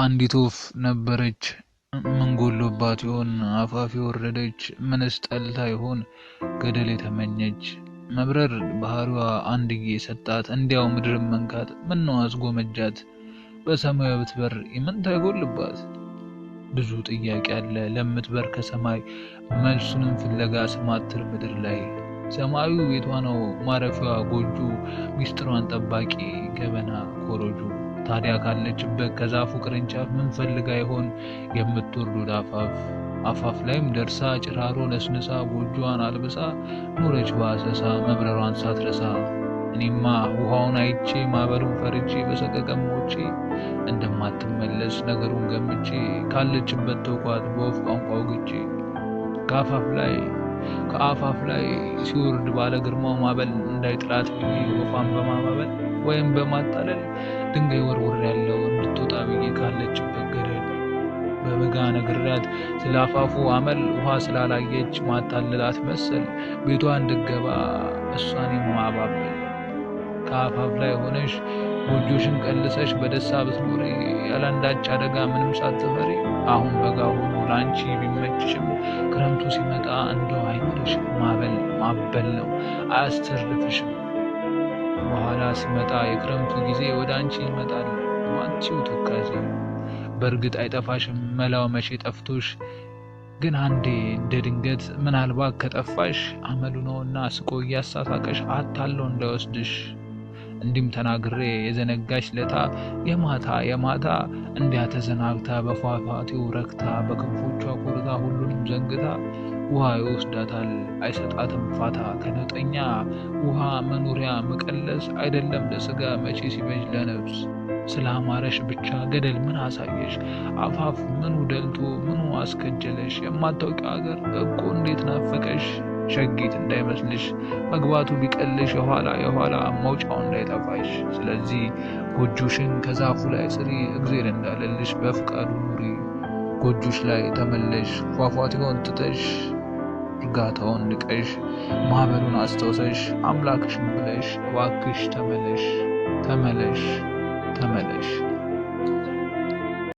አንዲት ወፍ ነበረች ምን ጎሎባት ይሆን አፋፍ የወረደች ምንስ ጠልታ ይሆን ገደል የተመኘች መብረር ባህሪዋ አንድዬ ሰጣት እንዲያው ምድርን መንካት ምነው አስጎመጃት በሰማዩ ብትበር ይምንታ ይጎልባት ብዙ ጥያቄ አለ ለምትበር ከሰማይ መልሱንም ፍለጋ ስማትር ምድር ላይ ሰማዩ ቤቷ ነው ማረፊያዋ ጎጆ ሚስጥሯን ጠባቂ ገበና ኮረጆ ታዲያ ካለችበት ከዛፉ ቅርንጫፍ ምን ፈልጋ ይሆን የምትወርድ አፋፍ? አፋፍ ላይም ደርሳ ጭራሮ ለስንሳ ጎጆዋን አልብሳ ኖረች በአሰሳ መብረሯን ሳትረሳ። እኔማ ውሃውን አይቼ ማበሩን ፈርቼ በሰቀቀም ወጬ እንደማትመለስ ነገሩን ገምቼ ካለችበት ተውኳት በወፍ ቋንቋ ውግቼ ከአፋፍ ላይ ከአፋፍ ላይ ሲወርድ ባለ ግርማው ማበል እንዳይጥላት ብዬ ወፏን በማማበል ወይም በማጣለል ድንጋይ ወርውር ያለው እንድትወጣ ብዬ ካለችበት ገደል በበጋ ነግሪያት ስላፋፉ አመል ውሃ ስላላየች ማታለላት መሰል ቤቷ እንድገባ እሷን የማባበል ከአፋፍ ላይ ሆነሽ ጎጆሽን ቀልሰሽ በደስታ ብትኖሪ ያለአንዳች አደጋ ምንም ሳትፈሪ አሁን በጋ ሆኖ ለአንቺ ቢመችሽም ክረምቱ ሲመጣ እንደው አይኖርሽ ማበል ማበል ነው አያስተርፍሽም። በኋላ ሲመጣ የክረምቱ ጊዜ ወደ አንቺ ይመጣል ማንቺው ትካዜ። በእርግጥ አይጠፋሽም መላው መቼ ጠፍቶሽ፣ ግን አንዴ እንደ ድንገት ምናልባት ከጠፋሽ አመሉ ነውና ስቆ እያሳሳቀሽ አታለው እንዳይወስድሽ እንዲም ተናግሬ የዘነጋሽ ለታ የማታ የማታ እንዲያ ተዘናግታ በፏፏቴው ረክታ በክንፎቿ ቆርታ ሁሉንም ዘንግታ ውሃ ይወስዳታል፣ አይሰጣትም ፋታ። ከነጠኛ ውሃ መኖሪያ መቀለስ አይደለም ለስጋ መቼ ሲበጅ ለነብስ። ስለ አማረሽ ብቻ ገደል ምን አሳየሽ? አፋፍ ምኑ ደልቶ ምኑ አስከጀለሽ? የማታውቂው ሀገር እኮ እንዴት ናፈቀሽ? ሸጊት እንዳይመስልሽ መግባቱ ቢቀልሽ የኋላ የኋላ መውጫው እንዳይጠፋሽ። ስለዚህ ጎጆሽን ከዛፉ ላይ ስሪ፣ እግዜር እንዳለልሽ በፍቃዱ ኑሪ። ጎጆሽ ላይ ተመለሽ፣ ፏፏቴውን ትተሽ ጋታውን ንቀሽ ማህበሩን አስታውሰሽ አምላክሽን ብለሽ እባክሽ ተመለሽ ተመለሽ ተመለሽ።